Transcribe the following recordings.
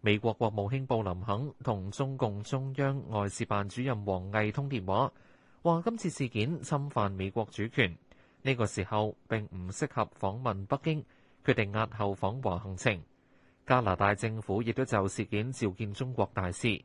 美國國務卿布林肯同中共中央外事辦主任王毅通電話，話今次事件侵犯美國主權，呢個時候並唔適合訪問北京，決定押後訪華行程。加拿大政府亦都就事件召見中國大使。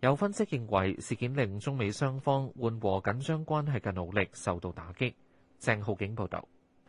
有分析認為事件令中美雙方緩和緊張關係嘅努力受到打擊，鄭浩景報道。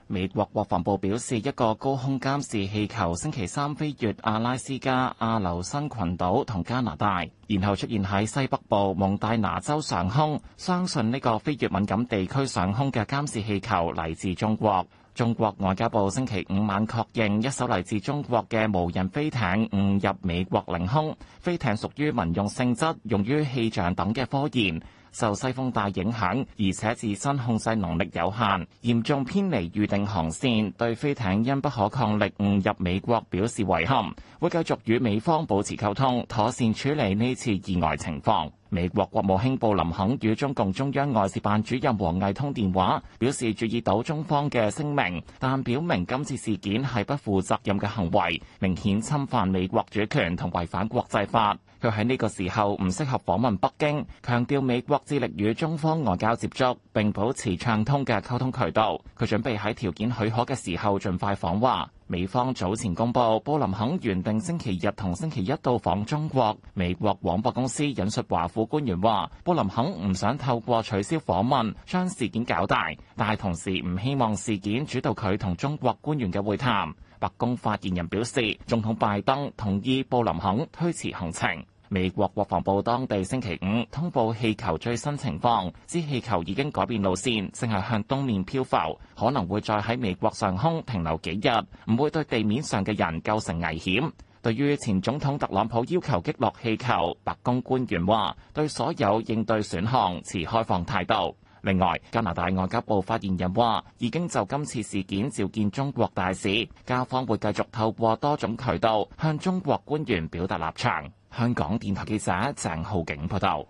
美國國防部表示，一個高空監視氣球星期三飛越阿拉斯加、阿留申群島同加拿大，然後出現喺西北部蒙大拿州上空。相信呢個飛越敏感地區上空嘅監視氣球嚟自中國。中國外交部星期五晚確認，一艘嚟自中國嘅無人飛艇誤入美國領空。飛艇屬於民用性質，用於氣象等嘅科研。受西風帶影響，而且自身控制能力有限，嚴重偏離預定航線，對飛艇因不可抗力誤入美國表示遺憾，會繼續與美方保持溝通，妥善處理呢次意外情況。美國國務卿布林肯與中共中央外事辦主任王毅通電話，表示注意到中方嘅聲明，但表明今次事件係不負責任嘅行為，明顯侵犯美國主權同違反國際法。佢喺呢個時候唔適合訪問北京，強調美國致力與中方外交接觸，並保持暢通嘅溝通渠道。佢準備喺條件許可嘅時候盡快訪華。美方早前公布，布林肯原定星期日同星期一到訪中國。美國廣播公司引述華府官員話布林肯唔想透過取消訪問將事件搞大，但同時唔希望事件主導佢同中國官員嘅會談，白宮發言人表示，總統拜登同意布林肯推遲行程。美國國防部當地星期五通報氣球最新情況，指氣球已經改變路線，正係向東面漂浮，可能會再喺美國上空停留幾日，唔會對地面上嘅人構成危險。對於前總統特朗普要求擊落氣球，白宮官員話對所有應對選項持開放態度。另外，加拿大外交部發言人話已經就今次事件召見中國大使，加方會繼續透過多種渠道向中國官員表達立場。香港電台記者鄭浩景報道：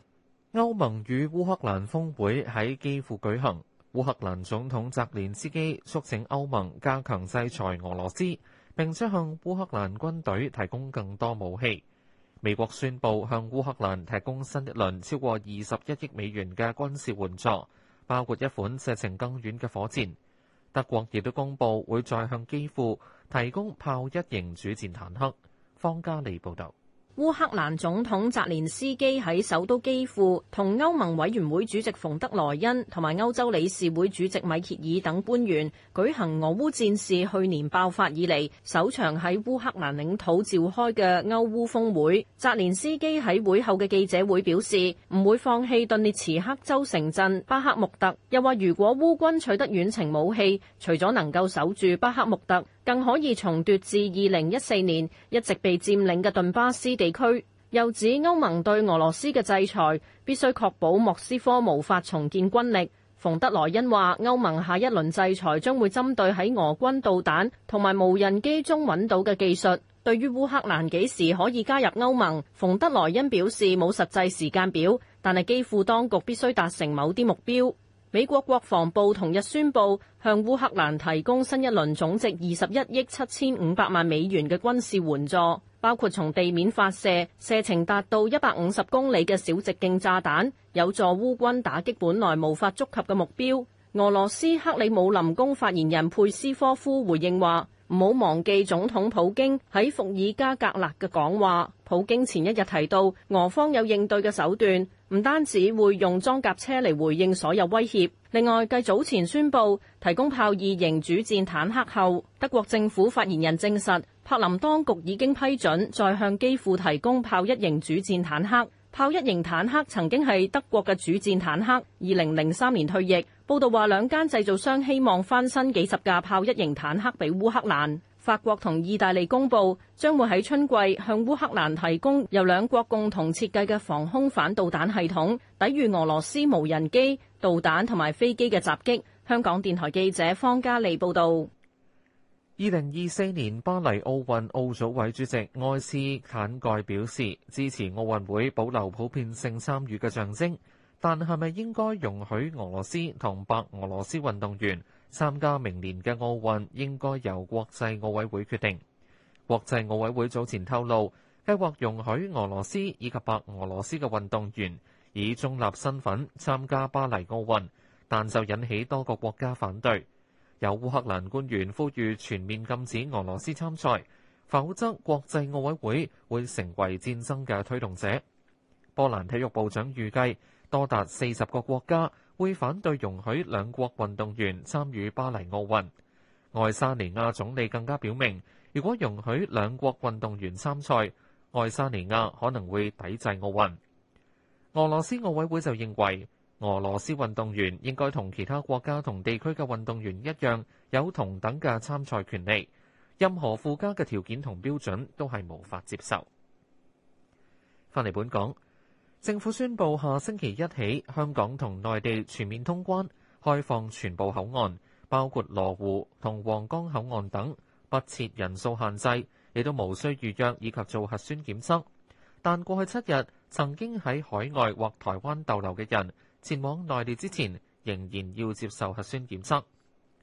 歐盟與烏克蘭峰會喺基輔舉行，烏克蘭總統澤連斯基促請歐盟加強制裁俄羅斯，並且向烏克蘭軍隊提供更多武器。美國宣布向烏克蘭提供新一輪超過二十一億美元嘅軍事援助，包括一款射程更遠嘅火箭。德國亦都公布會再向基輔提供豹一型主戰坦克。方嘉利報道。烏克蘭總統澤連斯基喺首都基輔同歐盟委員會主席馮德萊恩同埋歐洲理事會主席米歇爾等官員舉行俄烏戰事去年爆發以嚟首場喺烏克蘭領土召開嘅歐烏峰會。澤連斯基喺會後嘅記者會表示唔會放棄頓涅茨克州城鎮巴克穆特，又話如果烏軍取得遠程武器，除咗能夠守住巴克穆特，更可以重奪至2014年一直被佔領嘅頓巴斯地區。又指歐盟對俄羅斯嘅制裁必須確保莫斯科無法重建軍力。馮德萊恩話：歐盟下一輪制裁將會針對喺俄軍導彈同埋無人機中揾到嘅技術。對於烏克蘭幾時可以加入歐盟，馮德萊恩表示冇實際時間表，但係基輔當局必須達成某啲目標。美國國防部同日宣佈，向烏克蘭提供新一輪總值二十一億七千五百萬美元嘅軍事援助，包括從地面發射射程達到一百五十公里嘅小直徑炸彈，有助烏軍打擊本來無法觸及嘅目標。俄羅斯克里姆林宮發言人佩斯科夫回應話：唔好忘記總統普京喺伏爾加格勒嘅講話。普京前一日提到俄方有應對嘅手段，唔單止會用裝甲車嚟回應所有威脅。另外，繼早前宣布提供豹二型主戰坦克後，德國政府發言人證實柏林當局已經批准再向機庫提供豹一型主戰坦克。豹一型坦克曾經係德國嘅主戰坦克，二零零三年退役。報道話，兩間製造商希望翻新幾十架豹一型坦克俾烏克蘭。法國同意大利公布，將會喺春季向烏克蘭提供由兩國共同設計嘅防空反導彈系統，抵御俄羅斯無人機、導彈同埋飛機嘅襲擊。香港電台記者方嘉利報道。二零二四年巴黎奧運奧組委主席埃斯坦蓋表示，支持奧運會保留普遍性參與嘅象徵。但係咪應該容許俄羅斯同白俄羅斯運動員參加明年嘅奧運？應該由國際奧委會決定。國際奧委會早前透露，計劃容許俄羅斯以及白俄羅斯嘅運動員以中立身份參加巴黎奧運，但就引起多個國家反對。有烏克蘭官員呼籲全面禁止俄羅斯參賽，否則國際奧委會會成為戰爭嘅推動者。波蘭體育部長預計，多達四十個國家會反對容許兩國運動員參與巴黎奧運。愛沙尼亞總理更加表明，如果容許兩國運動員參賽，愛沙尼亞可能會抵制奧運。俄羅斯奧委會就認為，俄羅斯運動員應該同其他國家同地區嘅運動員一樣，有同等嘅參賽權利。任何附加嘅條件同標準都係無法接受。翻嚟本港。政府宣布，下星期一起，香港同內地全面通關開放全部口岸，包括羅湖同皇崗口岸等，不設人數限制，亦都無需預約以及做核酸檢測，但過去七日曾經喺海外或台灣逗留嘅人，前往內地之前，仍然要接受核酸檢測，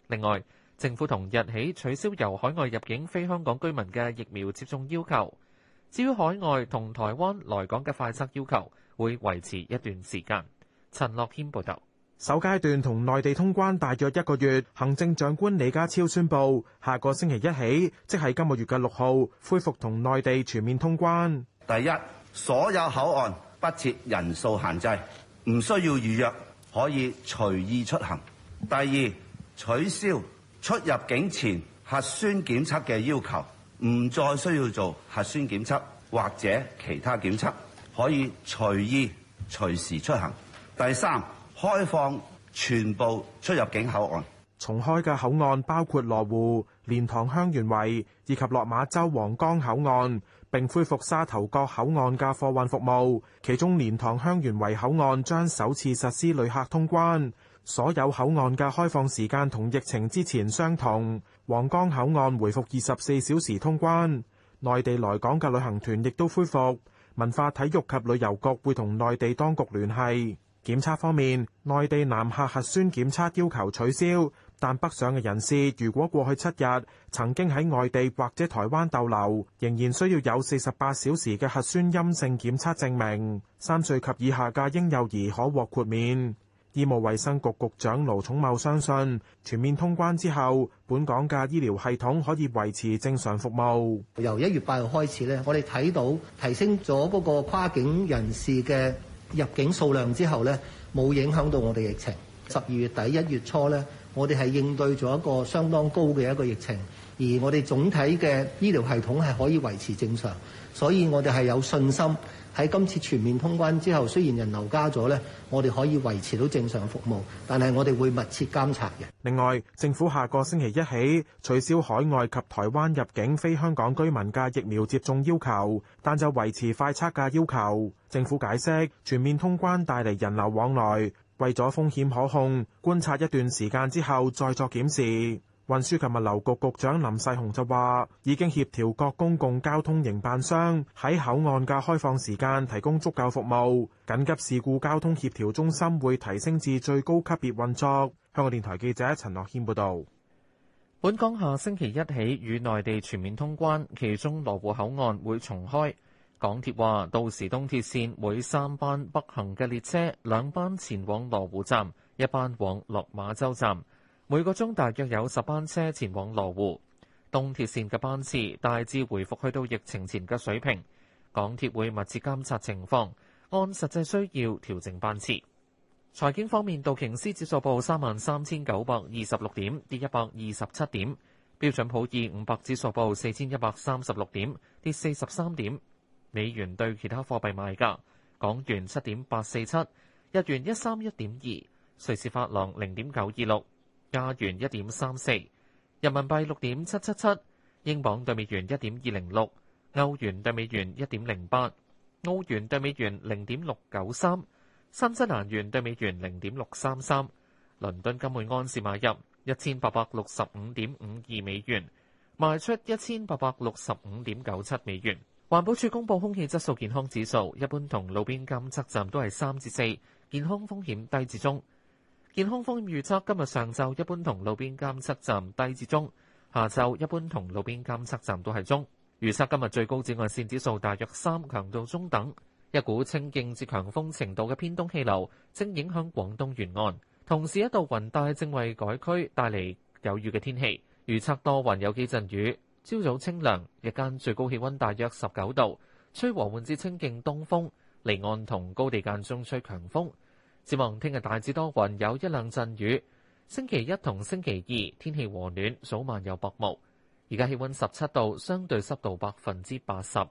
另外，政府同日起取消由海外入境非香港居民嘅疫苗接種要求。至於海外同台灣來港嘅快測要求，會維持一段時間。陳樂軒報導，首階段同內地通關大約一個月，行政長官李家超宣布，下個星期一起，即係今個月嘅六號，恢復同內地全面通關。第一，所有口岸不設人數限制，唔需要預約，可以隨意出行。第二，取消出入境前核酸檢測嘅要求，唔再需要做核酸檢測或者其他檢測。可以隨意隨時出行。第三，開放全部出入境口岸。重開嘅口岸包括羅湖、蓮塘香園圍以及落馬洲皇崗口岸，並恢復沙頭角口岸嘅貨運服務。其中，蓮塘香園圍口岸將首次實施旅客通關。所有口岸嘅開放時間同疫情之前相同。皇崗口岸恢復二十四小時通關，內地來港嘅旅行團亦都恢復。文化體育及旅遊局會同內地當局聯繫。檢測方面，內地南下核酸檢測要求取消，但北上嘅人士如果過去七日曾經喺外地或者台灣逗留，仍然需要有四十八小時嘅核酸陰性檢測證明。三歲及以下嘅嬰幼兒可獲豁免。醫務衛生局局長盧寵茂相信，全面通關之後，本港嘅醫療系統可以維持正常服務。由一月八號開始咧，我哋睇到提升咗嗰個跨境人士嘅入境數量之後咧，冇影響到我哋疫情。十二月底一月初咧，我哋係應對咗一個相當高嘅一個疫情，而我哋總體嘅醫療系統係可以維持正常，所以我哋係有信心。喺今次全面通關之後，雖然人流加咗咧，我哋可以維持到正常服務，但係我哋會密切監察嘅。另外，政府下個星期一起取消海外及台灣入境非香港居民嘅疫苗接種要求，但就維持快測嘅要求。政府解釋全面通關帶嚟人流往來，為咗風險可控，觀察一段時間之後再作檢視。運輸及物流局局長林世雄就話，已經協調各公共交通營辦商喺口岸嘅開放時間提供足夠服務，緊急事故交通協調中心會提升至最高級別運作。香港電台記者陳樂謙報道。本港下星期一起與內地全面通關，其中羅湖口岸會重開。港鐵話，到時東鐵線每三班北行嘅列車，兩班前往羅湖站，一班往落馬洲站。每個鐘大約有十班車前往羅湖，東鐵線嘅班次大致回復去到疫情前嘅水平。港鐵會密切監察情況，按實際需要調整班次。財經方面，道瓊斯指數報三萬三千九百二十六點，跌一百二十七點；標準普爾五百指數報四千一百三十六點，跌四十三點。美元對其他貨幣賣價：港元七點八四七，日元一三一點二，瑞士法郎零點九二六。加元1.34，人民幣6.777，英鎊對美元1.206，歐元對美元1.08，澳元對美元0.693，新西蘭元對美元0.633。倫敦金匯安士買入1865.52美元，賣出1865.97美元。環保署公布空氣質素健康指數，一般同路邊監測站都係三至四，健康風險低至中。健康風險預測今日上晝一般同路邊監測站低至中，下晝一般同路邊監測站都係中。預測今日最高紫外線指數大約三，強度中等。一股清勁至強風程度嘅偏東氣流正影響廣東沿岸，同時一道雲帶正為該區帶嚟有雨嘅天氣。預測多雲有幾陣雨，朝早清涼，日間最高氣溫大約十九度，吹和緩至清勁東風，離岸同高地間中吹強風。展望聽日大致多雲，有一兩陣雨。星期一同星期二天氣和暖，早晚有薄霧。而家氣溫十七度，相對濕度百分之八十。